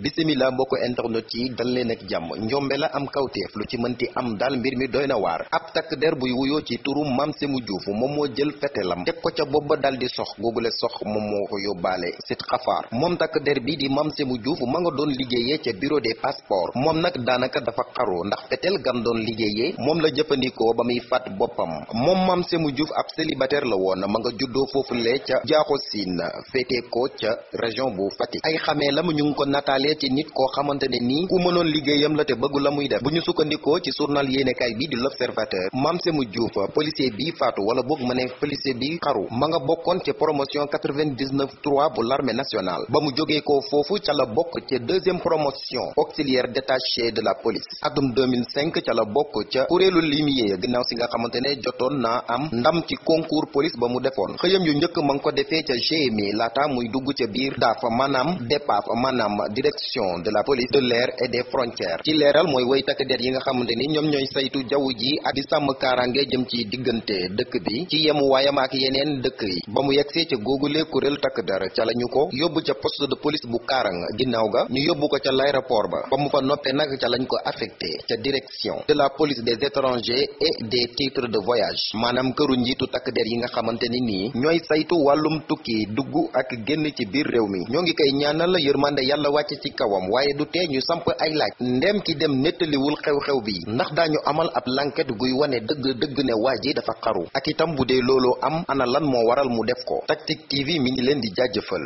bisimila mbokk internet yi dal leen ak jàmm njombe la am kawteef lu ci mënti am daal mbir mi doy na waar ab takk der buy wuyoo ci turu Mame Sémou Diouf moom moo jël fetelam teg ko ca booba dal di sox googule sox moom moo ko yóbbaale sit xafaar moom takk der bi di Mame Sémou ma nga doon liggéeyee ca bureau des passeports moom nag daanaka dafa xaru ndax fetel gam doon liggéeyee moom la jëfandikoo ba muy fàtt boppam moom Mame Sémou Diouf ab célibataire la woon ma nga juddoo foofu le ca jaaxo siin féete ko ca région bu Fatick ay xamee la mu ñu ngi ko nataale boole ci nit koo xamante ne nii ku mënoon liggéeyam la te bëgg la muy def bu ñu sukkandikoo ci journal yéenekaay bi di l'observateur Mamsemou Diouf policier bi faatu wala boog ma ne policier bi xaru ma nga bokkoon ca promotion bu l'armée nationale ba mu jógee ko foofu ca la bokk ca deuxième promotion auxiliaire détaché de la police atum 2005 ca la bokk ca kuréelu limier ginnaaw si nga xamante ne jotoon na am ndam ci concours police ba mu defoon xëyam yu njëkk ma nga ko defee ca GMI e laata muy dugg ca biir direction de la police de l'air et des frontières ci leeral mooy woy takk der yi nga xamante ni ñoom ñooy saytu jaww ji ak di sàmm kaaraange jëm ci diggante dëkk bi ci yemu waayam ak yeneen dëkk yi ba mu yegsee ca googulee kuréel takk der ca la ñu ko yóbbu ca poste de police bu kaarang ginnaaw ga ñu yóbbu ko ca l'aéroport ba ba mu fa noppee nag ca lañ ko affecté ca direction de la police des étrangers et des titres de voyage maanaam këru njiitu takk der yi nga xamante ni nii ñooy saytu wàllum tukki dugg ak génn ci biir réew mi ci kawam waaye du tee ñu samp ay laaj ndem ki dem nettaliwul xew-xew bi ndax daañu amal ab lanket guy wane dëgg dëgg ne waa ji dafa xaru ak itam bu dee looloo am ana lan moo waral mu def ko Tactic TV mi ngi leen di jaajëfal